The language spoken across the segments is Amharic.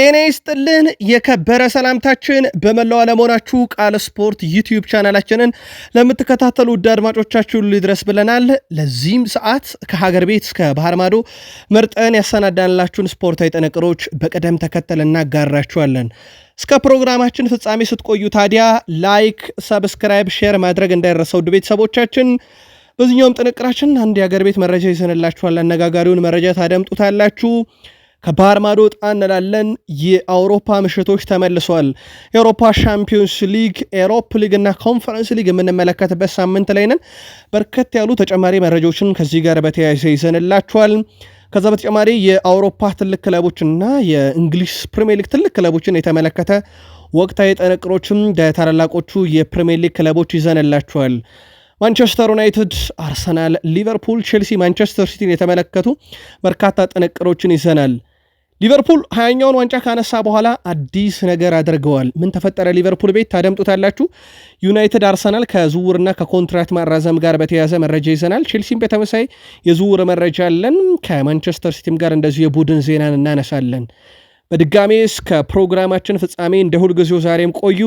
ጤና ይስጥልን የከበረ ሰላምታችን በመላው አለመሆናችሁ ቃል ስፖርት ዩቲዩብ ቻናላችንን ለምትከታተሉ ውድ አድማጮቻችሁ ሊድረስ ብለናል። ለዚህም ሰዓት ከሀገር ቤት እስከ ባህር ማዶ መርጠን ያሰናዳንላችሁን ስፖርታዊ ጥንቅሮች በቅደም ተከተል እናጋራችኋለን። እስከ ፕሮግራማችን ፍጻሜ ስትቆዩ ታዲያ ላይክ፣ ሰብስክራይብ፣ ሼር ማድረግ እንዳይረሰው ውድ ቤተሰቦቻችን። በዚህኛውም ጥንቅራችን አንድ የሀገር ቤት መረጃ ይዘንላችኋል። አነጋጋሪውን መረጃ ታደምጡታላችሁ። ከባህር ማዶ ወጣ እንላለን። የአውሮፓ ምሽቶች ተመልሷል። የአውሮፓ ሻምፒዮንስ ሊግ፣ ኤሮፕ ሊግ እና ኮንፈረንስ ሊግ የምንመለከትበት ሳምንት ላይ ነን። በርከት ያሉ ተጨማሪ መረጃዎችን ከዚህ ጋር በተያያዘ ይዘንላችኋል። ከዛ በተጨማሪ የአውሮፓ ትልቅ ክለቦችና የእንግሊዝ ፕሪሚየር ሊግ ትልቅ ክለቦችን የተመለከተ ወቅታዊ ጥንቅሮችም ታላላቆቹ የፕሪሚየር ሊግ ክለቦች ይዘንላችኋል። ማንቸስተር ዩናይትድ፣ አርሰናል፣ ሊቨርፑል፣ ቼልሲ፣ ማንቸስተር ሲቲን የተመለከቱ በርካታ ጥንቅሮችን ይዘናል። ሊቨርፑል ሀያኛውን ዋንጫ ካነሳ በኋላ አዲስ ነገር አድርገዋል። ምን ተፈጠረ? ሊቨርፑል ቤት ታደምጡታላችሁ። ዩናይትድ አርሰናል ከዝውውርና ከኮንትራት ማራዘም ጋር በተያያዘ መረጃ ይዘናል። ቼልሲም በተመሳይ የዝውውር መረጃ አለን። ከማንቸስተር ሲቲም ጋር እንደዚሁ የቡድን ዜናን እናነሳለን። በድጋሜ እስከ ፕሮግራማችን ፍጻሜ እንደ ሁልጊዜው ዛሬም ቆዩ።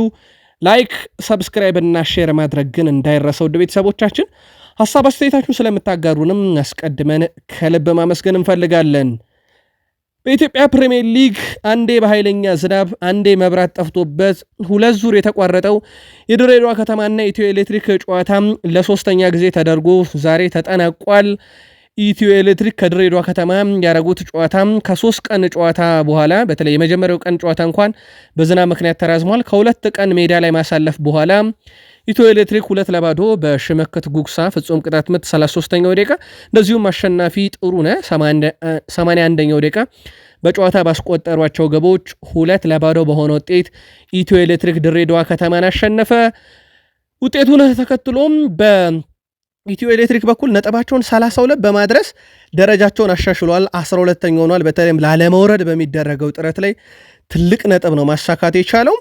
ላይክ፣ ሰብስክራይብ እና ሼር ማድረግ ግን እንዳይረሰው ውድ ቤተሰቦቻችን። ሀሳብ አስተያየታችሁ ስለምታጋሩንም አስቀድመን ከልብ ማመስገን እንፈልጋለን። በኢትዮጵያ ፕሪምየር ሊግ አንዴ በኃይለኛ ዝናብ አንዴ መብራት ጠፍቶበት ሁለት ዙር የተቋረጠው የድሬዳዋ ከተማና ኢትዮ ኤሌክትሪክ ጨዋታ ለሶስተኛ ጊዜ ተደርጎ ዛሬ ተጠናቋል። ኢትዮ ኤሌክትሪክ ከድሬዳዋ ከተማ ያደረጉት ጨዋታ ከሶስት ቀን ጨዋታ በኋላ በተለይ የመጀመሪያው ቀን ጨዋታ እንኳን በዝናብ ምክንያት ተራዝሟል። ከሁለት ቀን ሜዳ ላይ ማሳለፍ በኋላ ኢትዮ ኤሌክትሪክ ሁለት ለባዶ በሽመከት ጉግሳ ፍጹም ቅጣት ምት 33ኛው ደቂቃ እንደዚሁም አሸናፊ ነ 81ኛው ደቂቃ በጨዋታ ባስቆጠሯቸው ገቦች ሁለት ለባዶ በሆነ ውጤት ኢትዮ ኤሌክትሪክ ድሬዳዋ ከተማን አሸነፈ። ውጤቱን ተከትሎም ኢትዮ ኤሌክትሪክ በኩል ነጥባቸውን 32 በማድረስ ደረጃቸውን አሻሽሏል። 12ተኛ ሆኗል። በተለይም ላለመውረድ በሚደረገው ጥረት ላይ ትልቅ ነጥብ ነው ማሳካት የቻለው።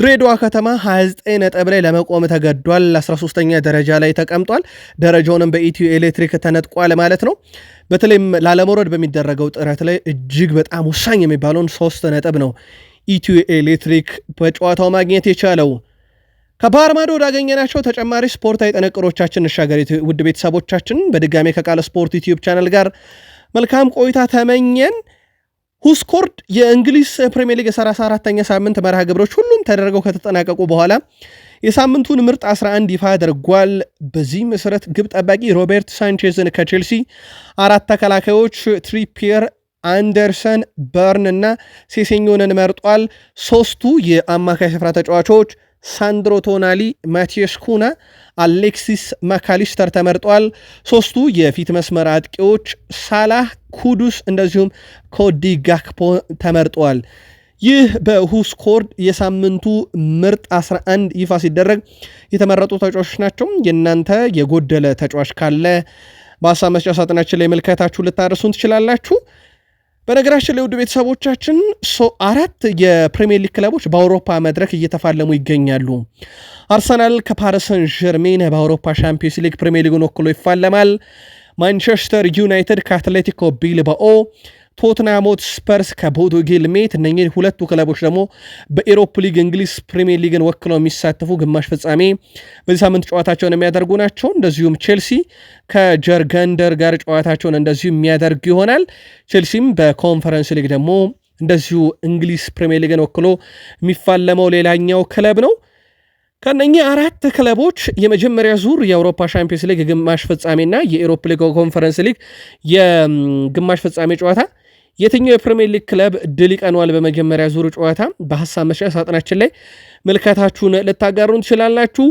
ድሬዳዋ ከተማ 29 ነጥብ ላይ ለመቆም ተገዷል። 13ኛ ደረጃ ላይ ተቀምጧል። ደረጃውንም በኢትዮ ኤሌክትሪክ ተነጥቋል ማለት ነው። በተለይም ላለመውረድ በሚደረገው ጥረት ላይ እጅግ በጣም ወሳኝ የሚባለውን ሶስት ነጥብ ነው ኢትዮ ኤሌክትሪክ በጨዋታው ማግኘት የቻለው። ከባህር ማዶ ወዳገኘናቸው ተጨማሪ ስፖርታዊ ጥንቅሮቻችን እንሻገር። ውድ ቤተሰቦቻችን በድጋሜ ከቃለ ስፖርት ዩቲዩብ ቻናል ጋር መልካም ቆይታ ተመኘን። ሁስኮርድ የእንግሊዝ ፕሪምየር ሊግ የ34ኛ ሳምንት መርሃ ግብሮች ሁሉም ተደርገው ከተጠናቀቁ በኋላ የሳምንቱን ምርጥ 11 ይፋ አድርጓል። በዚህ መሰረት ግብ ጠባቂ ሮበርት ሳንቼዝን ከቼልሲ፣ አራት ተከላካዮች ትሪፒየር፣ አንደርሰን፣ በርን እና ሴሴኞንን መርጧል። ሶስቱ የአማካይ ስፍራ ተጫዋቾች ሳንድሮ ቶናሊ፣ ማቲየስ ኩና አሌክሲስ መካሊስተር ተመርጧል። ሶስቱ የፊት መስመር አጥቂዎች ሳላህ፣ ኩዱስ እንደዚሁም ኮዲ ጋክፖ ተመርጧል። ይህ በሁስኮርድ የሳምንቱ ምርጥ 11 ይፋ ሲደረግ የተመረጡ ተጫዋቾች ናቸው። የእናንተ የጎደለ ተጫዋች ካለ በሀሳብ መስጫ ሳጥናችን ላይ መልከታችሁ ልታደርሱን ትችላላችሁ። በነገራችን ለውድ ቤተሰቦቻችን አራት የፕሪምየር ሊግ ክለቦች በአውሮፓ መድረክ እየተፋለሙ ይገኛሉ። አርሰናል ከፓሪሰን ጀርሜን በአውሮፓ ሻምፒዮንስ ሊግ ፕሪምየር ሊጉን ወክሎ ይፋለማል። ማንቸስተር ዩናይትድ ከአትሌቲኮ ቢልባኦ ቶትናሞት ስፐርስ ከቦዶ ግሊምት እነኚህ ሁለቱ ክለቦች ደግሞ በኤሮፕ ሊግ እንግሊዝ ፕሪሚየር ሊግን ወክለው የሚሳተፉ ግማሽ ፍጻሜ በዚህ ሳምንት ጨዋታቸውን የሚያደርጉ ናቸው። እንደዚሁም ቼልሲ ከጀርገንደር ጋር ጨዋታቸውን እንደዚሁ የሚያደርግ ይሆናል። ቼልሲም በኮንፈረንስ ሊግ ደግሞ እንደዚሁ እንግሊዝ ፕሪሚየር ሊግን ወክሎ የሚፋለመው ሌላኛው ክለብ ነው። ከነኚህ አራት ክለቦች የመጀመሪያ ዙር የአውሮፓ ሻምፒዮንስ ሊግ ግማሽ ፍጻሜና የኤሮፕ ሊግ ኮንፈረንስ ሊግ የግማሽ ፍጻሜ ጨዋታ የትኛው የፕሪሚየር ሊግ ክለብ ድል ይቀኗል? በመጀመሪያ ዙር ጨዋታ በሀሳብ መሻ ሳጥናችን ላይ ምልከታችሁን ልታጋሩን ትችላላችሁ።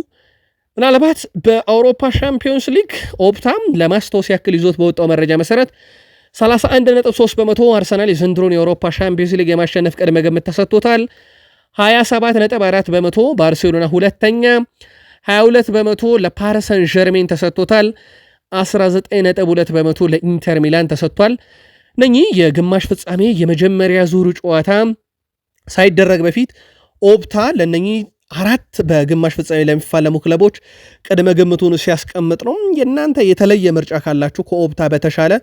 ምናልባት በአውሮፓ ሻምፒዮንስ ሊግ ኦፕታም ለማስታወስ ያክል ይዞት በወጣው መረጃ መሰረት 31.3 በመቶ አርሰናል የዘንድሮን የአውሮፓ ሻምፒዮንስ ሊግ የማሸነፍ ቅድመ ግምት ተሰጥቶታል። 27.4 በመቶ ባርሴሎና ሁለተኛ፣ 22 በመቶ ለፓሪሰን ጀርሜን ተሰጥቶታል። 19.2 በመቶ ለኢንተር ሚላን ተሰጥቷል። እነኚህ የግማሽ ፍጻሜ የመጀመሪያ ዙሩ ጨዋታ ሳይደረግ በፊት ኦፕታ ለእነኚህ አራት በግማሽ ፍጻሜ ለሚፋለሙ ክለቦች ቅድመ ግምቱን ሲያስቀምጥ ነው። የእናንተ የተለየ ምርጫ ካላችሁ ከኦፕታ በተሻለ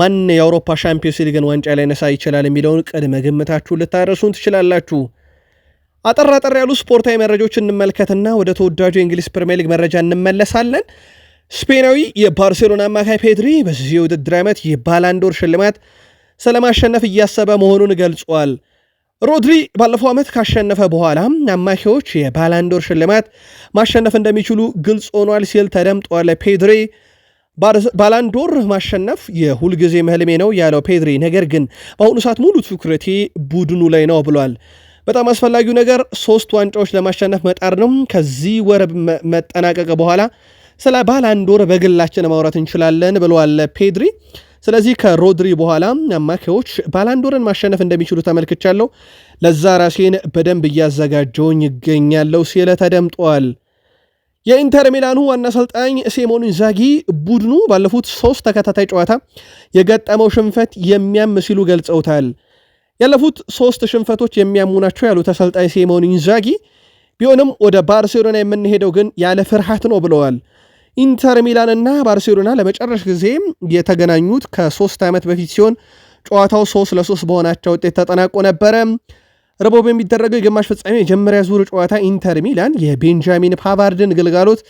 ማን የአውሮፓ ሻምፒዮንስ ሊግን ዋንጫ ላይ ነሳ ይችላል የሚለውን ቅድመ ግምታችሁ ልታደርሱን ትችላላችሁ። አጠር አጠር ያሉ ስፖርታዊ መረጃዎች እንመልከትና ወደ ተወዳጁ የእንግሊዝ ፕሪሚየር ሊግ መረጃ እንመለሳለን። ስፔናዊ የባርሴሎና አማካይ ፔድሪ በዚህ የውድድር ዓመት የባላንዶር ሽልማት ስለማሸነፍ እያሰበ መሆኑን ገልጿል። ሮድሪ ባለፈው ዓመት ካሸነፈ በኋላ አማካዮች የባላንዶር ሽልማት ማሸነፍ እንደሚችሉ ግልጽ ሆኗል ሲል ተደምጧል። ፔድሪ ባላንዶር ማሸነፍ የሁልጊዜ ህልሜ ነው ያለው ፔድሪ፣ ነገር ግን በአሁኑ ሰዓት ሙሉ ትኩረቴ ቡድኑ ላይ ነው ብሏል። በጣም አስፈላጊው ነገር ሶስት ዋንጫዎች ለማሸነፍ መጣር ነው። ከዚህ ወር መጠናቀቅ በኋላ ስለ ባል አንድ ወር በግላችን ማውራት እንችላለን ብለዋል ፔድሪ። ስለዚህ ከሮድሪ በኋላ አማካዮች ባላንዶርን ማሸነፍ እንደሚችሉ ተመልክቻለሁ። ለዛ ራሴን በደንብ እያዘጋጀውኝ ይገኛለሁ ሲለ ተደምጧል። የኢንተር ሚላኑ ዋና አሰልጣኝ ሲሞን ኢንዛጊ ቡድኑ ባለፉት ሶስት ተከታታይ ጨዋታ የገጠመው ሽንፈት የሚያም ሲሉ ገልጸውታል። ያለፉት ሶስት ሽንፈቶች የሚያሙ ናቸው ያሉት አሰልጣኝ ሲሞን ኢንዛጊ ቢሆንም ወደ ባርሴሎና የምንሄደው ግን ያለ ፍርሃት ነው ብለዋል። ኢንተር ሚላን እና ባርሴሎና ለመጨረሻ ጊዜ የተገናኙት ከሶስት ዓመት በፊት ሲሆን ጨዋታው ሶስት ለሶስት በሆናቸው ውጤት ተጠናቆ ነበረ። ረቡዕ በሚደረገው የግማሽ ፍጻሜ የመጀመሪያ ዙር ጨዋታ ኢንተር ሚላን የቤንጃሚን ፓቫርድን ግልጋሎት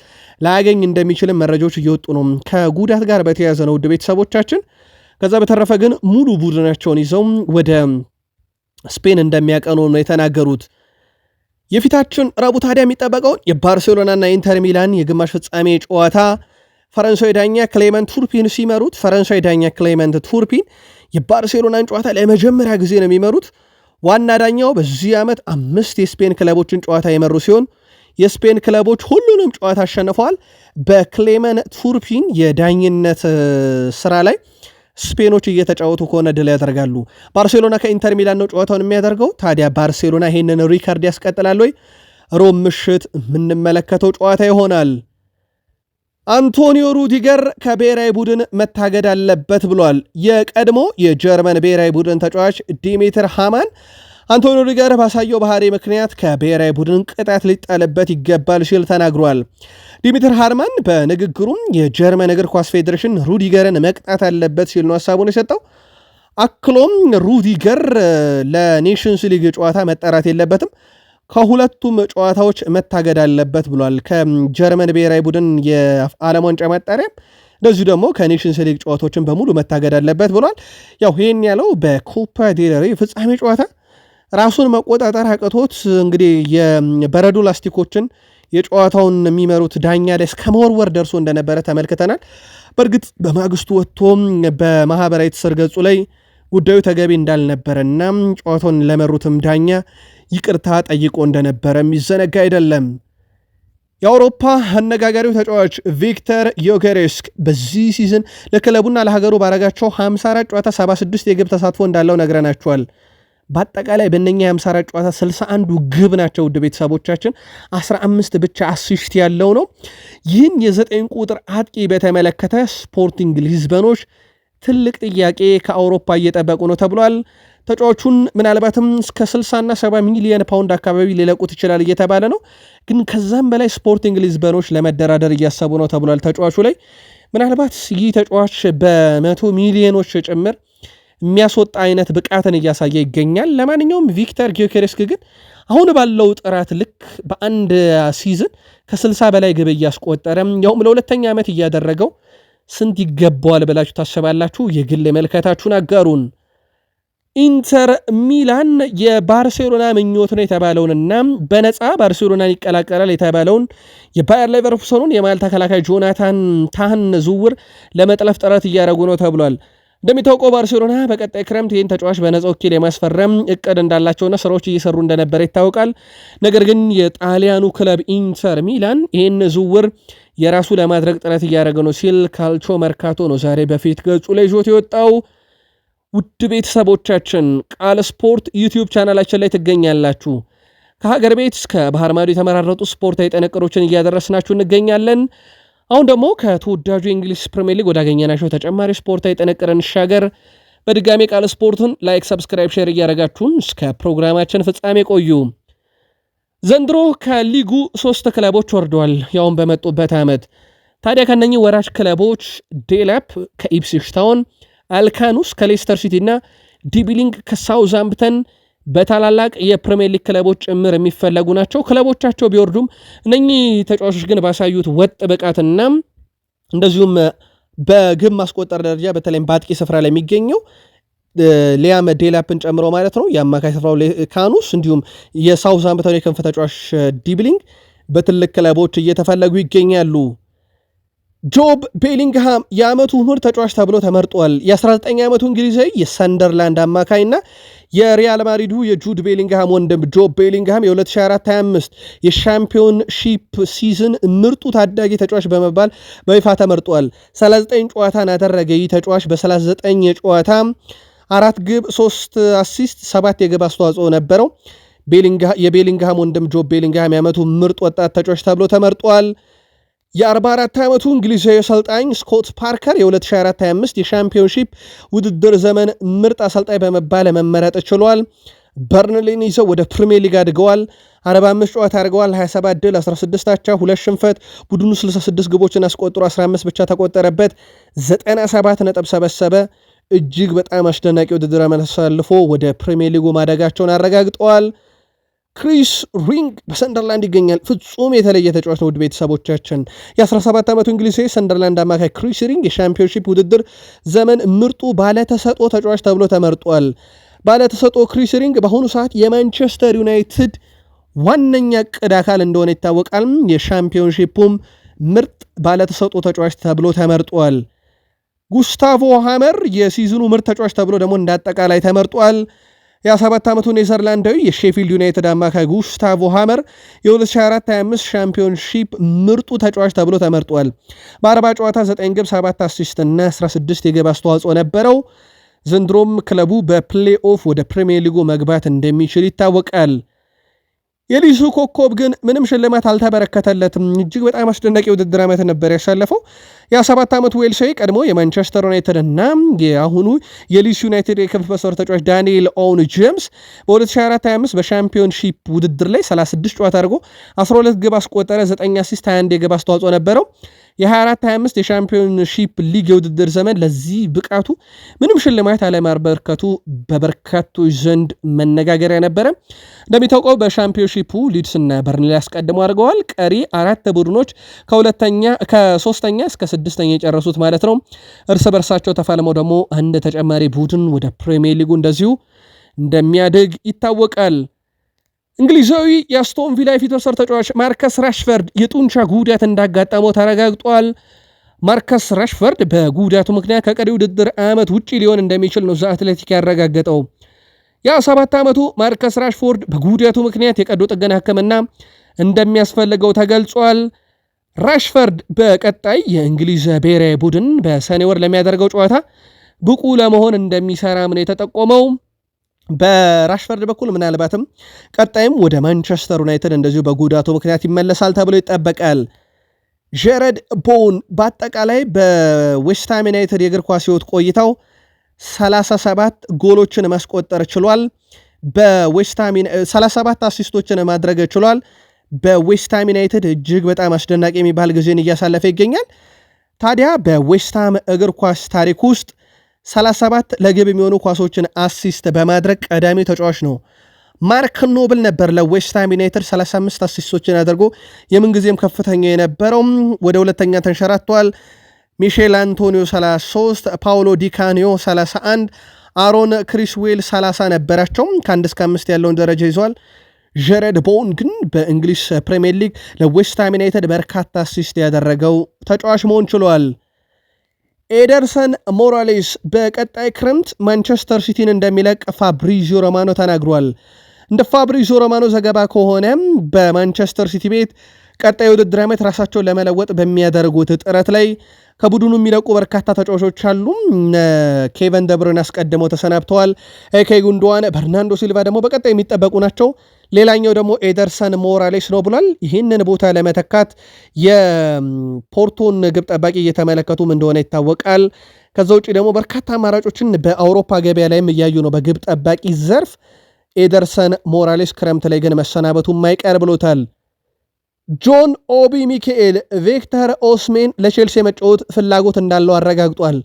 ላያገኝ እንደሚችልም መረጃዎች እየወጡ ነው። ከጉዳት ጋር በተያያዘ ነው ውድ ቤተሰቦቻችን። ከዛ በተረፈ ግን ሙሉ ቡድናቸውን ይዘው ወደ ስፔን እንደሚያቀኑ ነው የተናገሩት። የፊታችን ረቡዕ ታዲያ የሚጠበቀውን የባርሴሎናና ኢንተር ሚላን የግማሽ ፍጻሜ ጨዋታ ፈረንሳዊ ዳኛ ክሌመንት ቱርፒን ሲመሩት፣ ፈረንሳዊ ዳኛ ክሌመንት ቱርፒን የባርሴሎናን ጨዋታ ለመጀመሪያ ጊዜ ነው የሚመሩት። ዋና ዳኛው በዚህ ዓመት አምስት የስፔን ክለቦችን ጨዋታ የመሩ ሲሆን የስፔን ክለቦች ሁሉንም ጨዋታ አሸንፈዋል። በክሌመን ቱርፒን የዳኝነት ስራ ላይ ስፔኖች እየተጫወቱ ከሆነ ድል ያደርጋሉ። ባርሴሎና ከኢንተር ሚላን ነው ጨዋታውን የሚያደርገው። ታዲያ ባርሴሎና ይህንን ሪካርድ ያስቀጥላል ወይ? ሮም ምሽት የምንመለከተው ጨዋታ ይሆናል። አንቶኒዮ ሩዲገር ከብሔራዊ ቡድን መታገድ አለበት ብሏል። የቀድሞ የጀርመን ብሔራዊ ቡድን ተጫዋች ዲሜትር ሃማን አንቶኒ ሩዲገር ባሳየው ባህሪ ምክንያት ከብሔራዊ ቡድን ቅጣት ሊጣልበት ይገባል ሲል ተናግሯል። ዲሚትር ሃርማን በንግግሩም የጀርመን እግር ኳስ ፌዴሬሽን ሩዲገርን መቅጣት አለበት ሲል ነው ሀሳቡን የሰጠው። አክሎም ሩዲገር ለኔሽንስ ሊግ ጨዋታ መጠራት የለበትም፣ ከሁለቱም ጨዋታዎች መታገድ አለበት ብሏል። ከጀርመን ብሔራዊ ቡድን የዓለም ዋንጫ ማጣሪያ እንደዚሁ ደግሞ ከኔሽንስ ሊግ ጨዋታዎችን በሙሉ መታገድ አለበት ብሏል። ያው ይህን ያለው በኮፓ ዴል ሬይ ፍጻሜ ጨዋታ ራሱን መቆጣጠር አቅቶት እንግዲህ የበረዶ ላስቲኮችን የጨዋታውን የሚመሩት ዳኛ ላይ እስከ መወርወር ደርሶ እንደነበረ ተመልክተናል። በእርግጥ በማግስቱ ወጥቶም በማህበራዊ ትስስር ገጹ ላይ ጉዳዩ ተገቢ እንዳልነበረና ጨዋታውን ለመሩትም ዳኛ ይቅርታ ጠይቆ እንደነበረ የሚዘነጋ አይደለም። የአውሮፓ አነጋጋሪው ተጫዋች ቪክተር ዮኬሬስክ በዚህ ሲዝን ለክለቡና ለሀገሩ ባረጋቸው 54 ጨዋታ 76 የግብ ተሳትፎ እንዳለው ነግረናቸዋል። በአጠቃላይ በእነኛ የ54 ጨዋታ 61ዱ ግብ ናቸው። ውድ ቤተሰቦቻችን 15 ብቻ አስሽት ያለው ነው። ይህን የዘጠኝ ቁጥር አጥቂ በተመለከተ ስፖርቲንግ ሊዝበኖች ትልቅ ጥያቄ ከአውሮፓ እየጠበቁ ነው ተብሏል። ተጫዋቹን ምናልባትም እስከ 60 እና 70 ሚሊየን ፓውንድ አካባቢ ሊለቁት ይችላል እየተባለ ነው። ግን ከዛም በላይ ስፖርቲንግ ሊዝበኖች ለመደራደር እያሰቡ ነው ተብሏል። ተጫዋቹ ላይ ምናልባት ይህ ተጫዋች በመቶ ሚሊዮኖች ጭምር የሚያስወጣ አይነት ብቃትን እያሳየ ይገኛል። ለማንኛውም ቪክተር ጊዮኬሬስክ ግን አሁን ባለው ጥራት ልክ በአንድ ሲዝን ከ60 በላይ ግብ እያስቆጠረም ያውም ለሁለተኛ ዓመት እያደረገው ስንት ይገባዋል ብላችሁ ታስባላችሁ? የግል መልከታችሁን አጋሩን። ኢንተር ሚላን የባርሴሎና ምኞት ነው የተባለውንና በነፃ ባርሴሎናን ይቀላቀላል የተባለውን የባየር ሌቨርኩሰኑን የማል ተከላካይ ጆናታን ታህን ዝውውር ለመጥለፍ ጥረት እያደረጉ ነው ተብሏል። እንደሚታወቀው ባርሴሎና በቀጣይ ክረምት ይህን ተጫዋች በነጻ ወኪል የማስፈረም እቅድ እንዳላቸውና ስራዎች እየሰሩ እንደነበረ ይታወቃል። ነገር ግን የጣሊያኑ ክለብ ኢንተር ሚላን ይህን ዝውውር የራሱ ለማድረግ ጥረት እያደረገ ነው ሲል ካልቾ መርካቶ ነው ዛሬ በፊት ገጹ ላይ ይዞት የወጣው። ውድ ቤተሰቦቻችን ቃል ስፖርት ዩቲዩብ ቻናላችን ላይ ትገኛላችሁ። ከሀገር ቤት እስከ ባህር ማዶ የተመራረጡ ስፖርታዊ ጥንቅሮችን እያደረስናችሁ እንገኛለን። አሁን ደግሞ ከተወዳጁ የእንግሊዝ ፕሪምየር ሊግ ወዳገኘናቸው ተጨማሪ ስፖርታዊ ጥንቅር እንሻገር። በድጋሜ ቃል ስፖርቱን ላይክ፣ ሰብስክራይብ፣ ሼር እያደረጋችሁን እስከ ፕሮግራማችን ፍጻሜ ቆዩ። ዘንድሮ ከሊጉ ሶስት ክለቦች ወርደዋል፣ ያውም በመጡበት ዓመት። ታዲያ ከነኚህ ወራጅ ክለቦች ዴላፕ ከኢፕስዊች ታውን፣ አልካኑስ ከሌስተር ሲቲ እና ዲቢሊንግ ከሳውዛምፕተን በታላላቅ የፕሪሚየር ሊግ ክለቦች ጭምር የሚፈለጉ ናቸው። ክለቦቻቸው ቢወርዱም እነኚህ ተጫዋቾች ግን ባሳዩት ወጥ ብቃትና እንደዚሁም በግብ ማስቆጠር ደረጃ በተለይም በአጥቂ ስፍራ ላይ የሚገኘው ሊያም ዴላፕን ጨምሮ ማለት ነው የአማካይ ስፍራው ካኑስ እንዲሁም የሳውዝሃምፕተን የክንፍ ተጫዋች ዲብሊንግ በትልቅ ክለቦች እየተፈለጉ ይገኛሉ። ጆብ ቤሊንግሃም የአመቱ ምርጥ ተጫዋች ተብሎ ተመርጧል። የ19 ዓመቱ እንግሊዛዊ የሰንደርላንድ አማካይና የሪያል ማድሪዱ የጁድ ቤሊንግሃም ወንድም ጆብ ቤሊንግሃም የ2024/25 የሻምፒዮንሺፕ ሲዝን ምርጡ ታዳጊ ተጫዋች በመባል በይፋ ተመርጧል። 39 ጨዋታን ያደረገ ይህ ተጫዋች በ39 የጨዋታ አራት ግብ፣ ሶስት አሲስት፣ ሰባት የግብ አስተዋጽኦ ነበረው። የቤሊንግሃም ወንድም ጆብ ቤሊንግሃም የዓመቱ ምርጥ ወጣት ተጫዋች ተብሎ ተመርጧል። የ44 ዓመቱ እንግሊዛዊ አሰልጣኝ ስኮት ፓርከር የ2024/25 የሻምፒዮንሺፕ ውድድር ዘመን ምርጥ አሰልጣኝ በመባል መመረጥ ችሏል። በርንሊን ይዘው ወደ ፕሪሚየር ሊግ አድገዋል። 45 ጨዋታ አድርገዋል። 27 ድል፣ 16 አቻ፣ ሁለት ሽንፈት። ቡድኑ 66 ግቦችን አስቆጥሮ 15 ብቻ ተቆጠረበት። 97 ነጥብ ሰበሰበ። እጅግ በጣም አስደናቂ ውድድር አሳልፎ ወደ ፕሪሚየር ሊጉ ማደጋቸውን አረጋግጠዋል። ክሪስ ሪንግ በሰንደርላንድ ይገኛል። ፍጹም የተለየ ተጫዋች ነው። ውድ ቤተሰቦቻችን የ17 ዓመቱ እንግሊዛዊ ሰንደርላንድ አማካይ ክሪስ ሪንግ የሻምፒዮንሺፕ ውድድር ዘመን ምርጡ ባለተሰጦ ተጫዋች ተብሎ ተመርጧል። ባለተሰጦ ክሪስ ሪንግ በአሁኑ ሰዓት የማንቸስተር ዩናይትድ ዋነኛ ቅድ አካል እንደሆነ ይታወቃል። የሻምፒዮንሺፑም ምርጥ ባለተሰጦ ተጫዋች ተብሎ ተመርጧል። ጉስታቮ ሃመር የሲዝኑ ምርጥ ተጫዋች ተብሎ ደግሞ እንዳጠቃላይ ተመርጧል። የ17 ዓመቱ ኔዘርላንዳዊ የሼፊልድ ዩናይትድ አማካይ ጉስታቮ ሃመር የ2024/25 ሻምፒዮንሺፕ ምርጡ ተጫዋች ተብሎ ተመርጧል። በአርባ ጨዋታ 9 ግብ 7 አሲስት እና 16 የግብ አስተዋጽኦ ነበረው። ዘንድሮም ክለቡ በፕሌኦፍ ወደ ፕሪሚየር ሊጉ መግባት እንደሚችል ይታወቃል። የልጁ ኮከብ ግን ምንም ሽልማት አልተበረከተለትም። እጅግ በጣም አስደናቂ ውድድር ዓመት ነበር ያሳለፈው። የ የ17 ዓመቱ ዌልሻዊ ቀድሞ የማንቸስተር ዩናይትድ እና የአሁኑ የሊድስ ዩናይትድ የክንፍ መስመር ተጫዋች ዳንኤል ኦውን ጄምስ በ2024/25 በሻምፒዮንሺፕ ውድድር ላይ 36 ጨዋታ አድርጎ 12 ግብ አስቆጠረ። 9 አሲስት፣ 21 የግብ አስተዋጽኦ ነበረው። የ2425 የሻምፒዮንሺፕ ሊግ የውድድር ዘመን ለዚህ ብቃቱ ምንም ሽልማት አለማበርከቱ በበርካቶች ዘንድ መነጋገሪያ ነበረ። እንደሚታውቀው በሻምፒዮንሺፑ ሊድስና በርንሌ አስቀድሞ አድርገዋል። ቀሪ አራት ቡድኖች ከሶስተኛ እስከ ስድስተኛ የጨረሱት ማለት ነው። እርስ በርሳቸው ተፋልመው ደግሞ አንድ ተጨማሪ ቡድን ወደ ፕሪሚየር ሊጉ እንደዚሁ እንደሚያድግ ይታወቃል። እንግሊዛዊ የአስቶን ቪላ የፊት መስመር ተጫዋች ማርከስ ራሽፈርድ የጡንቻ ጉዳት እንዳጋጠመው ተረጋግጧል። ማርከስ ራሽፈርድ በጉዳቱ ምክንያት ከቀሪ ውድድር ዓመት ውጪ ሊሆን እንደሚችል ነው ዘ አትሌቲክ ያረጋገጠው። የ27 ዓመቱ ማርከስ ራሽፎርድ በጉዳቱ ምክንያት የቀዶ ጥገና ሕክምና እንደሚያስፈልገው ተገልጿል። ራሽፈርድ በቀጣይ የእንግሊዝ ብሔራዊ ቡድን በሰኔ ወር ለሚያደርገው ጨዋታ ብቁ ለመሆን እንደሚሰራም ነው የተጠቆመው። በራሽፈርድ በኩል ምናልባትም ቀጣይም ወደ ማንቸስተር ዩናይትድ እንደዚሁ በጉዳቱ ምክንያት ይመለሳል ተብሎ ይጠበቃል። ጀረድ ቦውን በአጠቃላይ በዌስትሃም ዩናይትድ የእግር ኳስ ህይወት ቆይታው 37 ጎሎችን ማስቆጠር ችሏል። በዌስትሃም 37 አሲስቶችን ማድረግ ችሏል። በዌስትሃም ዩናይትድ እጅግ በጣም አስደናቂ የሚባል ጊዜን እያሳለፈ ይገኛል። ታዲያ በዌስትሃም እግር ኳስ ታሪክ ውስጥ 37 ለግብ የሚሆኑ ኳሶችን አሲስት በማድረግ ቀዳሚ ተጫዋች ነው። ማርክ ኖብል ነበር ለዌስትሃም ዩናይትድ 35 አሲስቶችን አድርጎ የምንጊዜም ከፍተኛ የነበረው ወደ ሁለተኛ ተንሸራቷል። ሚሼል አንቶኒዮ 33፣ ፓውሎ ዲካኒዮ 31፣ አሮን ክሪስዌል 30 ነበራቸው። ከአንድ እስከ አምስት ያለውን ደረጃ ይዘዋል። ጀረድ ቦውን ግን በእንግሊዝ ፕሪምየር ሊግ ለዌስትሃም ዩናይትድ በርካታ አሲስት ያደረገው ተጫዋች መሆን ችሏል። ኤደርሰን ሞራሌስ በቀጣይ ክረምት ማንቸስተር ሲቲን እንደሚለቅ ፋብሪዚዮ ሮማኖ ተናግሯል። እንደ ፋብሪዚዮ ሮማኖ ዘገባ ከሆነ በማንቸስተር ሲቲ ቤት ቀጣይ የውድድር ዓመት ራሳቸውን ለመለወጥ በሚያደርጉት ጥረት ላይ ከቡድኑ የሚለቁ በርካታ ተጫዋቾች አሉ። ኬቨን ደብርን አስቀድመው ተሰናብተዋል። ኤኬ ጉንዶዋን፣ በርናንዶ ሲልቫ ደግሞ በቀጣይ የሚጠበቁ ናቸው። ሌላኛው ደግሞ ኤደርሰን ሞራሌስ ነው ብሏል። ይህንን ቦታ ለመተካት የፖርቶን ግብ ጠባቂ እየተመለከቱም እንደሆነ ይታወቃል። ከዛ ውጭ ደግሞ በርካታ አማራጮችን በአውሮፓ ገበያ ላይም እያዩ ነው በግብ ጠባቂ ዘርፍ። ኤደርሰን ሞራሌስ ክረምት ላይ ግን መሰናበቱ ማይቀር ብሎታል። ጆን ኦቢ ሚካኤል ቪክተር ኦስሜን ለቼልሲ የመጫወት ፍላጎት እንዳለው አረጋግጧል።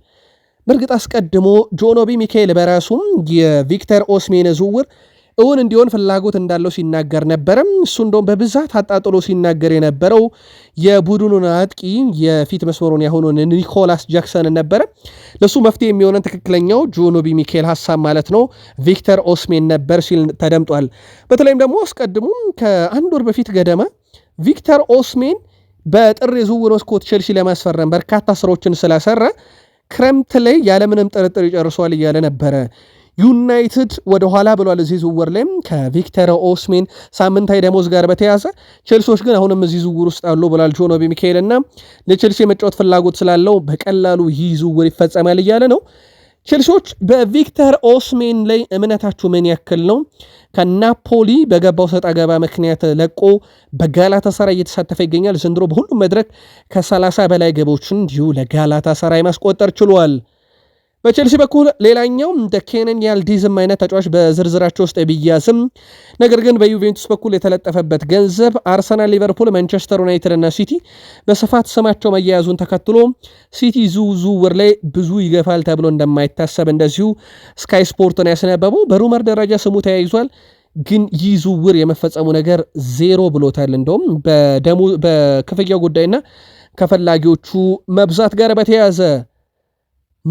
በእርግጥ አስቀድሞ ጆን ኦቢ ሚካኤል በራሱም የቪክተር ኦስሜን ዝውውር እውን እንዲሆን ፍላጎት እንዳለው ሲናገር ነበረም። እሱ እንደውም በብዛት አጣጥሎ ሲናገር የነበረው የቡድኑን አጥቂ የፊት መስመሩን ያሁኑን ኒኮላስ ጃክሰን ነበረ። ለእሱ መፍትሄ የሚሆነን ትክክለኛው ጆኖቢ ሚካኤል ሀሳብ ማለት ነው ቪክተር ኦስሜን ነበር ሲል ተደምጧል። በተለይም ደግሞ አስቀድሙም ከአንድ ወር በፊት ገደማ ቪክተር ኦስሜን በጥር የዝውውር መስኮት ቼልሲ ለማስፈረም በርካታ ስራዎችን ስላሰራ ክረምት ላይ ያለምንም ጥርጥር ይጨርሷል እያለ ነበረ። ዩናይትድ ወደኋላ ብሏል እዚህ ዝውውር ላይም ከቪክተር ኦስሜን ሳምንታዊ ደሞዝ ጋር በተያዘ ቼልሲዎች ግን አሁንም እዚህ ዝውውር ውስጥ አሉ ብሏል ጆኖቢ ሚካኤል እና ለቼልሲ የመጫወት ፍላጎት ስላለው በቀላሉ ይህ ዝውውር ይፈጸማል እያለ ነው። ቼልሲዎች በቪክተር ኦስሜን ላይ እምነታችሁ ምን ያክል ነው? ከናፖሊ በገባው ሰጣ ገባ ምክንያት ለቆ በጋላታ ሰራ እየተሳተፈ ይገኛል። ዘንድሮ በሁሉም መድረክ ከ30 በላይ ግቦችን እንዲሁ ለጋላታ ሰራ ማስቆጠር ችሏል። በቼልሲ በኩል ሌላኛው እንደ ኬነን ያልዲዝም አይነት ተጫዋች በዝርዝራቸው ውስጥ የቢያዝም ነገር ግን በዩቬንቱስ በኩል የተለጠፈበት ገንዘብ አርሰናል፣ ሊቨርፑል፣ ማንቸስተር ዩናይትድ እና ሲቲ በስፋት ስማቸው መያያዙን ተከትሎ ሲቲ ዝውውር ላይ ብዙ ይገፋል ተብሎ እንደማይታሰብ እንደዚሁ ስካይ ስፖርትን ያስነበበው። በሩመር ደረጃ ስሙ ተያይዟል፣ ግን ይህ ዝውውር የመፈጸሙ ነገር ዜሮ ብሎታል። እንደውም በክፍያው ጉዳይና ከፈላጊዎቹ መብዛት ጋር በተያያዘ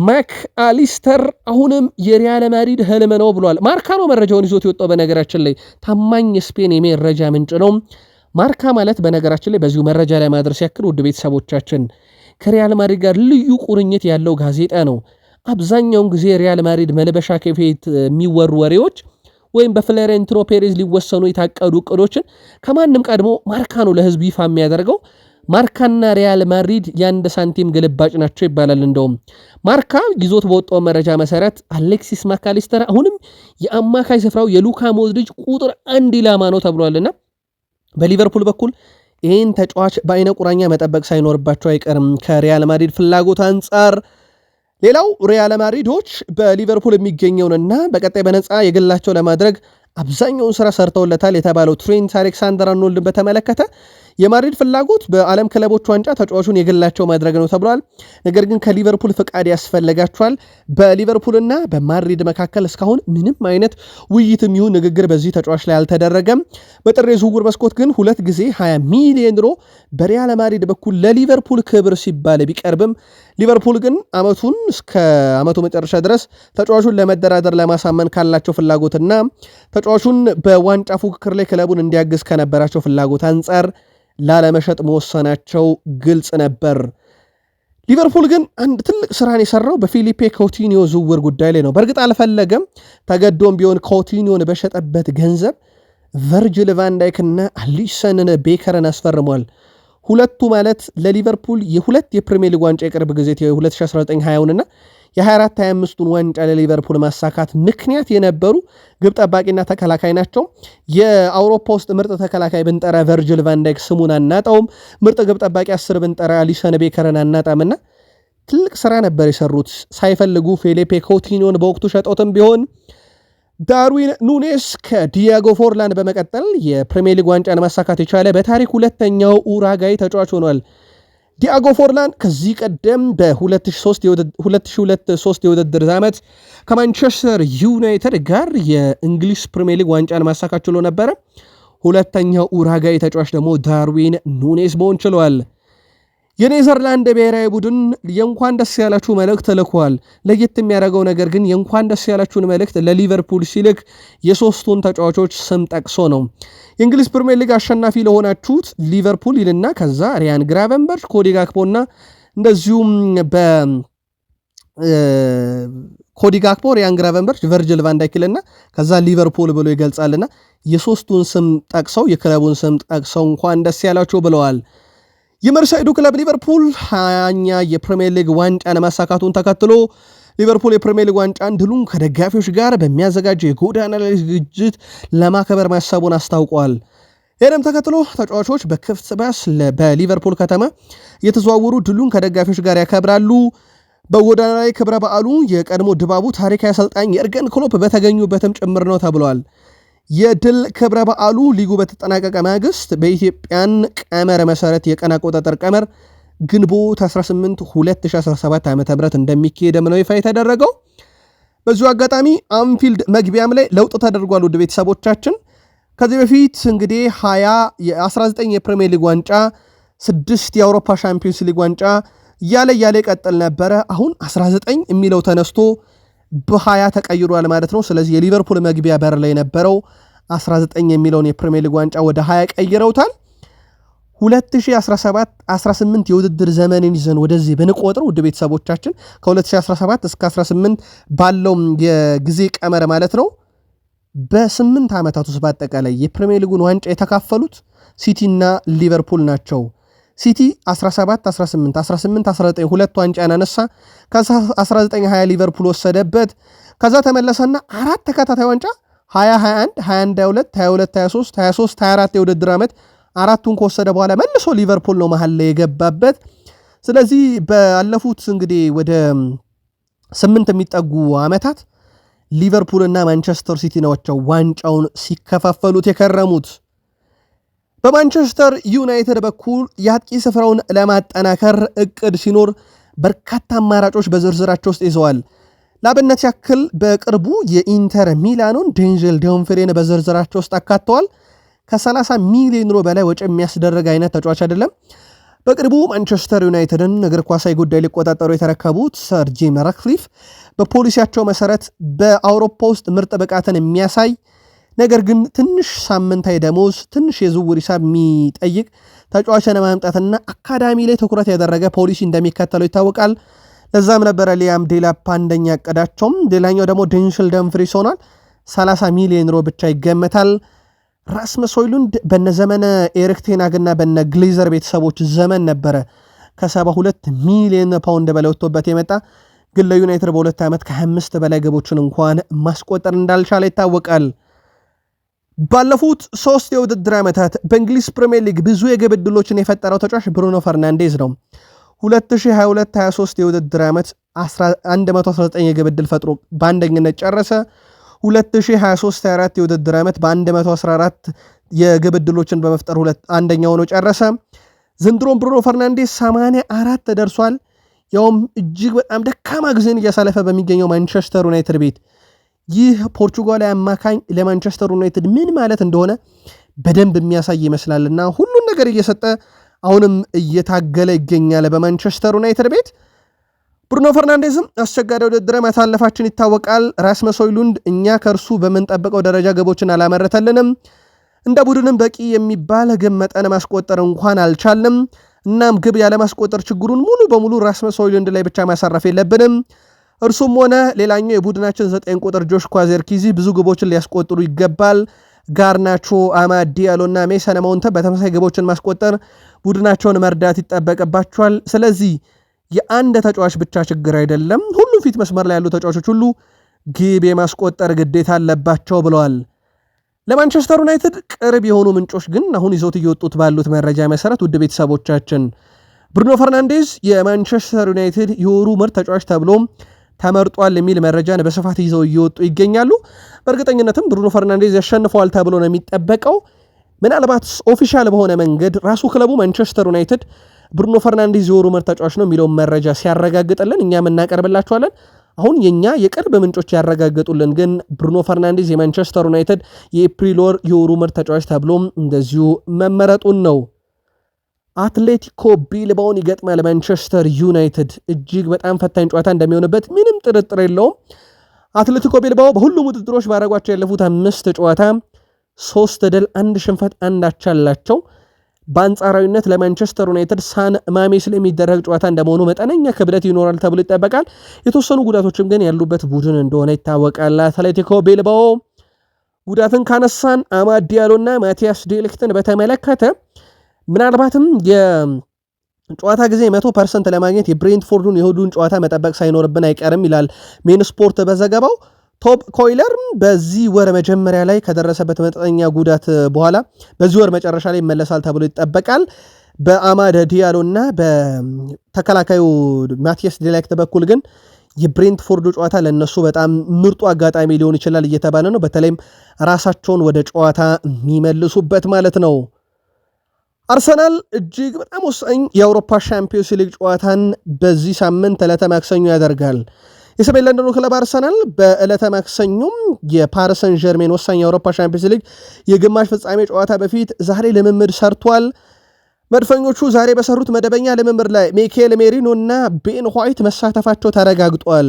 ማክ አሊስተር አሁንም የሪያል ማድሪድ ህልም ነው ብሏል። ማርካ ነው መረጃውን ይዞት የወጣው። በነገራችን ላይ ታማኝ ስፔን የመረጃ ምንጭ ነው ማርካ ማለት። በነገራችን ላይ በዚሁ መረጃ ላይ ማድረስ ያክል ውድ ቤተሰቦቻችን ከሪያል ማድሪድ ጋር ልዩ ቁርኝት ያለው ጋዜጣ ነው። አብዛኛውን ጊዜ ሪያል ማድሪድ መልበሻ ከፌት የሚወሩ ወሬዎች ወይም በፍሎሬንቲኖ ፔሬዝ ሊወሰኑ የታቀዱ እቅዶችን ከማንም ቀድሞ ማርካ ነው ለህዝብ ይፋ የሚያደርገው። ማርካና ሪያል ማድሪድ የአንድ ሳንቲም ግልባጭ ናቸው ይባላል። እንደውም ማርካ ይዞት በወጣው መረጃ መሰረት አሌክሲስ ማካሊስተር አሁንም የአማካይ ስፍራው የሉካ ሞድሪች ቁጥር አንድ ኢላማ ነው ተብሏልና በሊቨርፑል በኩል ይህን ተጫዋች በአይነ ቁራኛ መጠበቅ ሳይኖርባቸው አይቀርም ከሪያል ማድሪድ ፍላጎት አንጻር። ሌላው ሪያል ማድሪዶች በሊቨርፑል የሚገኘውንና በቀጣይ በነፃ የግላቸው ለማድረግ አብዛኛውን ስራ ሰርተውለታል የተባለው ትሬንት አሌክሳንደር አርኖልድን በተመለከተ የማድሪድ ፍላጎት በዓለም ክለቦች ዋንጫ ተጫዋቹን የግላቸው ማድረግ ነው ተብሏል። ነገር ግን ከሊቨርፑል ፍቃድ ያስፈልጋቸዋል። በሊቨርፑልና በማድሪድ መካከል እስካሁን ምንም አይነት ውይይትም ይሁን ንግግር በዚህ ተጫዋች ላይ አልተደረገም። በጥር የዝውውር መስኮት ግን ሁለት ጊዜ 20 ሚሊዮን ዩሮ በሪያል ማድሪድ በኩል ለሊቨርፑል ክብር ሲባል ቢቀርብም ሊቨርፑል ግን አመቱን እስከ አመቱ መጨረሻ ድረስ ተጫዋቹን ለመደራደር ለማሳመን ካላቸው ፍላጎትና ተጫዋቹን በዋንጫ ፉክክር ላይ ክለቡን እንዲያግዝ ከነበራቸው ፍላጎት አንጻር ላለመሸጥ መወሰናቸው ግልጽ ነበር። ሊቨርፑል ግን አንድ ትልቅ ስራን የሰራው በፊሊፔ ኮቲኒዮ ዝውውር ጉዳይ ላይ ነው። በእርግጥ አልፈለገም፣ ተገዶም ቢሆን ኮቲኒዮን በሸጠበት ገንዘብ ቨርጅል ቫንዳይክና አሊሰንን ቤከርን አስፈርሟል። ሁለቱ ማለት ለሊቨርፑል የሁለት የፕሪሚየር ሊግ ዋንጫ የቅርብ ጊዜ የ2019/20ና የ24 25ቱን ዋንጫ ለሊቨርፑል ማሳካት ምክንያት የነበሩ ግብ ጠባቂና ተከላካይ ናቸው። የአውሮፓ ውስጥ ምርጥ ተከላካይ ብንጠራ ቨርጅል ቫንዳይክ ስሙን አናጣውም። ምርጥ ግብ ጠባቂ አስር ብንጠራ አሊሰን ቤከርን አናጣምና ትልቅ ስራ ነበር የሰሩት። ሳይፈልጉ ፌሌፔ ኮቲኒዮን በወቅቱ ሸጦትም ቢሆን ዳርዊን ኑኔስ ከዲያጎ ፎርላንድ በመቀጠል የፕሪሚየር ሊግ ዋንጫን ማሳካት የቻለ በታሪክ ሁለተኛው ኡራጋይ ተጫዋች ሆኗል። ዲያጎ ፎርላን ከዚህ ቀደም በ2002 የውድድር ዓመት ከማንቸስተር ዩናይትድ ጋር የእንግሊዝ ፕሪሚየር ሊግ ዋንጫን ማሳካት ችሎ ነበረ። ሁለተኛው ኡራጋይ ተጫዋች ደግሞ ዳርዊን ኑኔስ መሆን ችሏል። የኔዘርላንድ ብሔራዊ ቡድን የእንኳን ደስ ያላችሁ መልእክት ልኳል። ለየት የሚያደርገው ነገር ግን የእንኳን ደስ ያላችሁን መልእክት ለሊቨርፑል ሲልክ የሶስቱን ተጫዋቾች ስም ጠቅሶ ነው። የእንግሊዝ ፕሪምየር ሊግ አሸናፊ ለሆናችሁት ሊቨርፑል ይልና ከዛ ሪያን ግራቨንበርች፣ ኮዲ ጋክፖና እንደዚሁም በ ኮዲ ጋክፖ፣ ሪያን ግራቨንበርች፣ ቨርጅል ቫንዳይክልና ከዛ ሊቨርፑል ብሎ ይገልጻልና የሶስቱን ስም ጠቅሰው የክለቡን ስም ጠቅሰው እንኳን ደስ ያላችሁ ብለዋል። የመርሳይዱ ክለብ ሊቨርፑል ሀያኛ የፕሪምየር ሊግ ዋንጫ ማሳካቱን ተከትሎ ሊቨርፑል የፕሪምየር ሊግ ዋንጫን ድሉን ከደጋፊዎች ጋር በሚያዘጋጀው የጎዳና ላይ ዝግጅት ለማከበር ማሰቡን አስታውቋል። ይህንም ተከትሎ ተጫዋቾች በክፍት ባስ በሊቨርፑል ከተማ እየተዘዋወሩ ድሉን ከደጋፊዎች ጋር ያከብራሉ። በጎዳና ላይ ክብረ በዓሉ የቀድሞ ድባቡ ታሪካዊ አሰልጣኝ የእርገን ክሎፕ በተገኙበትም ጭምር ነው ተብሏል። የድል ክብረ በዓሉ ሊጉ በተጠናቀቀ ማግስት በኢትዮጵያን ቀመር መሰረት የቀን አቆጣጠር ቀመር ግንቦት 18 2017 ዓ ም እንደሚካሄድም ነው ይፋ የተደረገው። በዚሁ አጋጣሚ አንፊልድ መግቢያም ላይ ለውጥ ተደርጓል። ውድ ቤተሰቦቻችን ከዚህ በፊት እንግዲህ 20 የ19 የፕሪሚየር ሊግ ዋንጫ፣ 6 የአውሮፓ ሻምፒዮንስ ሊግ ዋንጫ እያለ እያለ ይቀጥል ነበረ። አሁን 19 የሚለው ተነስቶ በሀያ ተቀይሯል ማለት ነው። ስለዚህ የሊቨርፑል መግቢያ በር ላይ የነበረው 19 የሚለውን የፕሪሚየር ሊግ ዋንጫ ወደ 20 ቀይረውታል። 2017/18 የውድድር ዘመንን ይዘን ወደዚህ ብንቆጥር ውድ ቤተሰቦቻችን ከ2017 እስከ 18 ባለው የጊዜ ቀመር ማለት ነው በስምንት ዓመታት ውስጥ በአጠቃላይ የፕሪሚየር ሊጉን ዋንጫ የተካፈሉት ሲቲና ሊቨርፑል ናቸው። ሲቲ 17 18 18 19 ሁለት ዋንጫ ያነሳ። ከዛ 19 20 ሊቨርፑል ወሰደበት። ከዛ ተመለሰና አራት ተከታታይ ዋንጫ 20 21 21 22 22 23 23 24 የውድድር ዓመት አራቱን ከወሰደ በኋላ መልሶ ሊቨርፑል ነው መሀል ላይ የገባበት። ስለዚህ ባለፉት እንግዲህ ወደ ስምንት የሚጠጉ ዓመታት ሊቨርፑልና ማንቸስተር ሲቲ ናቸው ዋንጫውን ሲከፋፈሉት የከረሙት። በማንቸስተር ዩናይትድ በኩል የአጥቂ ስፍራውን ለማጠናከር እቅድ ሲኖር በርካታ አማራጮች በዝርዝራቸው ውስጥ ይዘዋል። ለአብነት ያክል በቅርቡ የኢንተር ሚላኑን ዴንጀል ደንፍሬን በዝርዝራቸው ውስጥ አካተዋል። ከ30 ሚሊዮን ዩሮ በላይ ወጪ የሚያስደረግ አይነት ተጫዋች አይደለም። በቅርቡ ማንቸስተር ዩናይትድን እግር ኳሳዊ ጉዳይ ሊቆጣጠሩ የተረከቡት ሰር ጂም ራትክሊፍ በፖሊሲያቸው መሰረት በአውሮፓ ውስጥ ምርጥ ብቃትን የሚያሳይ ነገር ግን ትንሽ ሳምንታዊ ደሞዝ፣ ትንሽ የዝውውር ሂሳብ የሚጠይቅ ተጫዋች ለማምጣትና አካዳሚ ላይ ትኩረት ያደረገ ፖሊሲ እንደሚከተለው ይታወቃል። ለዛም ነበረ ሊያም ዴላፕ አንደኛ እቅዳቸውም። ሌላኛው ደግሞ ዴንሽል ደምፍሪስ ሆኗል። 30 ሚሊዮን ሮ ብቻ ይገመታል። ራስመስ ሆይሉንድ በነ ዘመነ ኤሪክ ቴናግና በነ ግሊዘር ቤተሰቦች ዘመን ነበረ ከ72 ሚሊዮን ፓውንድ በላይ ወጥቶበት የመጣ ግን ለዩናይትድ በሁለት ዓመት ከ25 በላይ ግቦችን እንኳን ማስቆጠር እንዳልቻለ ይታወቃል። ባለፉት ሶስት የውድድር ዓመታት በእንግሊዝ ፕሪምየር ሊግ ብዙ የግብ ዕድሎችን የፈጠረው ተጫዋች ብሩኖ ፈርናንዴዝ ነው። 2022/23 የውድድር ዓመት 119 የግብ ዕድል ፈጥሮ በአንደኝነት ጨረሰ። 2023/24 የውድድር ዓመት በ114 የግብ ዕድሎችን በመፍጠር አንደኛ ሆኖ ጨረሰ። ዘንድሮም ብሩኖ ፈርናንዴዝ 84 ተደርሷል። ያውም እጅግ በጣም ደካማ ጊዜን እያሳለፈ በሚገኘው ማንቸስተር ዩናይትድ ቤት ይህ ፖርቹጋላዊ አማካኝ ለማንቸስተር ዩናይትድ ምን ማለት እንደሆነ በደንብ የሚያሳይ ይመስላልና ሁሉን ነገር እየሰጠ አሁንም እየታገለ ይገኛል በማንቸስተር ዩናይትድ ቤት። ብሩኖ ፈርናንዴዝም አስቸጋሪ ውድድር ማሳለፋችን ይታወቃል። ራስመስ ሆይሉንድ እኛ ከእርሱ በምንጠብቀው ደረጃ ግቦችን አላመረተልንም። እንደ ቡድንም በቂ የሚባል ግብ መጠን ማስቆጠር እንኳን አልቻልንም። እናም ግብ ያለማስቆጠር ችግሩን ሙሉ በሙሉ ራስመስ ሆይሉንድ ላይ ብቻ ማሳረፍ የለብንም። እርሱም ሆነ ሌላኛው የቡድናችን ዘጠኝ ቁጥር ጆሽ ኳዘርኪዚ ብዙ ግቦችን ሊያስቆጥሩ ይገባል። ጋርናቾ፣ አማዲ ያሎና ሜሰን በተመሳሳይ ግቦችን ማስቆጠር ቡድናቸውን መርዳት ይጠበቅባቸዋል። ስለዚህ የአንድ ተጫዋች ብቻ ችግር አይደለም። ሁሉም ፊት መስመር ላይ ያሉ ተጫዋቾች ሁሉ ግብ የማስቆጠር ግዴታ አለባቸው ብለዋል። ለማንቸስተር ዩናይትድ ቅርብ የሆኑ ምንጮች ግን አሁን ይዞት እየወጡት ባሉት መረጃ መሰረት ውድ ቤተሰቦቻችን ብሩኖ ፈርናንዴዝ የማንቸስተር ዩናይትድ የወሩ ምርጥ ተጫዋች ተብሎ ተመርጧል የሚል መረጃን በስፋት ይዘው እየወጡ ይገኛሉ። በእርግጠኝነትም ብሩኖ ፈርናንዴዝ ያሸንፈዋል ተብሎ ነው የሚጠበቀው። ምናልባት ኦፊሻል በሆነ መንገድ ራሱ ክለቡ ማንቸስተር ዩናይትድ ብሩኖ ፈርናንዴዝ የወሩ ምርጥ ተጫዋች ነው የሚለውን መረጃ ሲያረጋግጥልን እኛም እናቀርብላችኋለን። አሁን የእኛ የቅርብ ምንጮች ያረጋገጡልን ግን ብሩኖ ፈርናንዴዝ የማንቸስተር ዩናይትድ የኤፕሪል ወር የወሩ ምርጥ ተጫዋች ተብሎም እንደዚሁ መመረጡን ነው። አትሌቲኮ ቢልባውን ይገጥማል። ማንቸስተር ዩናይትድ እጅግ በጣም ፈታኝ ጨዋታ እንደሚሆንበት ምንም ጥርጥር የለውም። አትሌቲኮ ቢልባው በሁሉም ውድድሮች ባረጓቸው ያለፉት አምስት ጨዋታ ሶስት ድል፣ አንድ ሽንፈት፣ አንድ አቻ አላቸው። በአንጻራዊነት ለማንቸስተር ዩናይትድ ሳን ማሜስ የሚደረግ ጨዋታ እንደመሆኑ መጠነኛ ክብደት ይኖራል ተብሎ ይጠበቃል። የተወሰኑ ጉዳቶችም ግን ያሉበት ቡድን እንደሆነ ይታወቃል። አትሌቲኮ ቢልባኦ ጉዳትን ካነሳን አማድ ዲያሎና ማቲያስ ዴሊክትን በተመለከተ ምናልባትም ጨዋታ ጊዜ መቶ ፐርሰንት ለማግኘት የብሬንትፎርዱን የእሁዱን ጨዋታ መጠበቅ ሳይኖርብን አይቀርም ይላል ሜን ስፖርት በዘገባው። ቶብ ኮይለር በዚህ ወር መጀመሪያ ላይ ከደረሰበት መጠነኛ ጉዳት በኋላ በዚህ ወር መጨረሻ ላይ ይመለሳል ተብሎ ይጠበቃል። በአማደ ዲያሎ እና በተከላካዩ ማቲያስ ዴላይክት በኩል ግን የብሬንትፎርዱ ጨዋታ ለእነሱ በጣም ምርጡ አጋጣሚ ሊሆን ይችላል እየተባለ ነው። በተለይም ራሳቸውን ወደ ጨዋታ የሚመልሱበት ማለት ነው። አርሰናል እጅግ በጣም ወሳኝ የአውሮፓ ሻምፒዮንስ ሊግ ጨዋታን በዚህ ሳምንት ዕለተ ማክሰኞ ያደርጋል። የሰሜን ለንደኑ ክለብ አርሰናል በዕለተ ማክሰኞም የፓሪሰን ጀርሜን ወሳኝ የአውሮፓ ሻምፒዮንስ ሊግ የግማሽ ፍጻሜ ጨዋታ በፊት ዛሬ ልምምድ ሰርቷል። መድፈኞቹ ዛሬ በሰሩት መደበኛ ልምምድ ላይ ሚኬል ሜሪኖ እና ቤን ዋይት መሳተፋቸው ተረጋግጧል።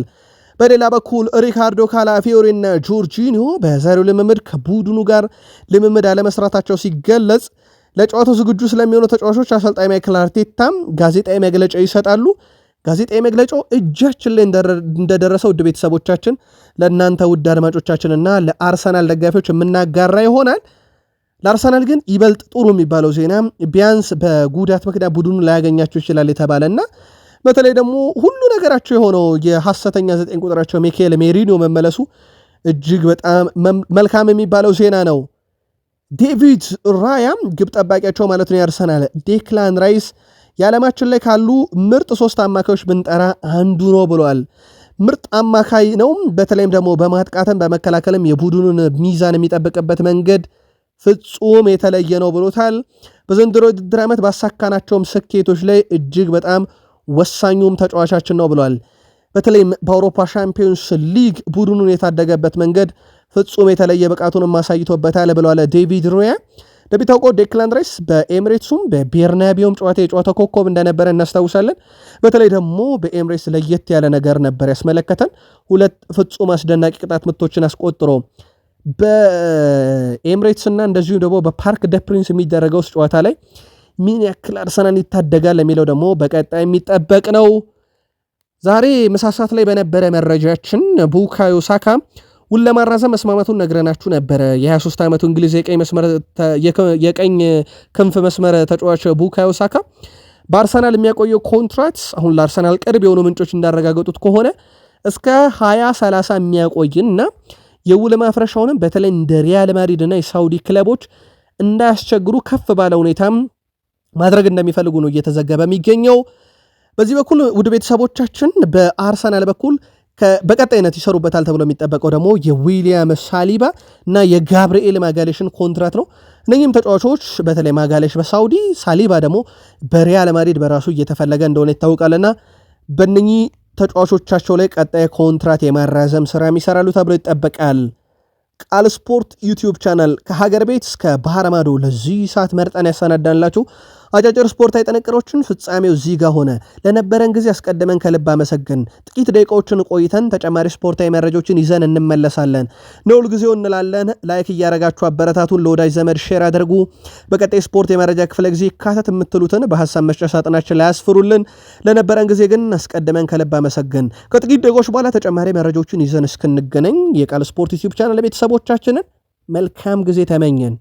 በሌላ በኩል ሪካርዶ ካላፊዮሪ እና ጆርጂኒዮ በዛሬው ልምምድ ከቡድኑ ጋር ልምምድ አለመስራታቸው ሲገለጽ ለጨዋታው ዝግጁ ስለሚሆኑ ተጫዋቾች አሰልጣኝ ማይክል አርቴታም ጋዜጣዊ መግለጫ ይሰጣሉ። ጋዜጣዊ መግለጫው እጃችን ላይ እንደደረሰ ውድ ቤተሰቦቻችን፣ ለእናንተ ውድ አድማጮቻችንና ለአርሰናል ደጋፊዎች የምናጋራ ይሆናል። ለአርሰናል ግን ይበልጥ ጥሩ የሚባለው ዜና ቢያንስ በጉዳት ምክንያት ቡድኑ ላያገኛቸው ይችላል የተባለና በተለይ ደግሞ ሁሉ ነገራቸው የሆነው የሐሰተኛ ዘጠኝ ቁጥራቸው ሚካኤል ሜሪኖ መመለሱ እጅግ በጣም መልካም የሚባለው ዜና ነው። ዴቪድ ራያ ግብ ጠባቂያቸው ማለት ነው ያርሰናል ዴክላን ራይስ የዓለማችን ላይ ካሉ ምርጥ ሶስት አማካዮች ብንጠራ አንዱ ነው ብለዋል። ምርጥ አማካይ ነው። በተለይም ደግሞ በማጥቃትም በመከላከልም የቡድኑን ሚዛን የሚጠብቅበት መንገድ ፍጹም የተለየ ነው ብሎታል። በዘንድሮ ውድድር ዓመት ባሳካናቸውም ስኬቶች ላይ እጅግ በጣም ወሳኙም ተጫዋቻችን ነው ብለል በተለይም በአውሮፓ ሻምፒዮንስ ሊግ ቡድኑን የታደገበት መንገድ ፍጹም የተለየ ብቃቱንም አሳይቶበታል ብለዋል ዴቪድ ሩያ። እንደሚታውቀው ዴክላን ራይስ በኤምሬትሱም በቤርናቢውም ጨዋታ የጨዋታ ኮከብ እንደነበረ እናስታውሳለን። በተለይ ደግሞ በኤምሬትስ ለየት ያለ ነገር ነበር ያስመለከተን። ሁለት ፍጹም አስደናቂ ቅጣት ምቶችን አስቆጥሮ በኤምሬትስ እና እንደዚሁም ደግሞ በፓርክ ደ ፕሪንስ የሚደረገው ጨዋታ ላይ ምን ያክል አርሰናል ይታደጋል የሚለው ደግሞ በቀጣይ የሚጠበቅ ነው። ዛሬ ምሳ ላይ በነበረ መረጃችን ቡካዮ ሳካ ውል ለማራዘም መስማማቱን ነግረናችሁ ነበረ። የ23 ዓመቱ እንግሊዝ የቀኝ ክንፍ መስመር ተጫዋች ቡካዮ ሳካ በአርሰናል የሚያቆየው ኮንትራክት አሁን ለአርሰናል ቅርብ የሆኑ ምንጮች እንዳረጋገጡት ከሆነ እስከ 2030 እና የውል ማፍረሻውንም በተለይ እንደ ሪያል ማድሪድ እና የሳውዲ ክለቦች እንዳያስቸግሩ ከፍ ባለ ሁኔታም ማድረግ እንደሚፈልጉ ነው እየተዘገበ የሚገኘው። በዚህ በኩል ውድ ቤተሰቦቻችን በአርሰናል በኩል በቀጣይነት ይሰሩበታል ተብሎ የሚጠበቀው ደግሞ የዊሊያም ሳሊባ እና የጋብርኤል ማጋሌሽን ኮንትራት ነው። እነኚህም ተጫዋቾች በተለይ ማጋሌሽ በሳውዲ ሳሊባ ደግሞ በሪያል ማድሪድ በራሱ እየተፈለገ እንደሆነ ይታወቃልና በእነኚህ ተጫዋቾቻቸው ላይ ቀጣይ ኮንትራት የማራዘም ስራ ይሰራሉ ተብሎ ይጠበቃል። ቃል ስፖርት ዩቲዩብ ቻናል ከሀገር ቤት እስከ ባህረማዶ ማዶ ለዚህ ሰዓት መርጠን ያሰናዳንላችሁ አጫጭር ስፖርታዊ ጥንቅሮችን ፍጻሜው እዚህ ጋር ሆነ። ለነበረን ጊዜ አስቀድመን ከልብ አመሰግን። ጥቂት ደቂቃዎችን ቆይተን ተጨማሪ ስፖርታዊ መረጃዎችን ይዘን እንመለሳለን። ነውል ጊዜው እንላለን። ላይክ እያረጋችሁ አበረታቱን። ለወዳጅ ዘመድ ሼር አድርጉ። በቀጣይ ስፖርት የመረጃ ክፍለ ጊዜ ይካተት የምትሉትን በሀሳብ መስጫ ሳጥናችን ላይ ያስፍሩልን። ለነበረን ጊዜ ግን አስቀድመን ከልብ አመሰግን። ከጥቂት ደቂቃዎች በኋላ ተጨማሪ መረጃዎችን ይዘን እስክንገናኝ የቃል ስፖርት ዩቲዩብ ቻናል ቤተሰቦቻችንን መልካም ጊዜ ተመኘን።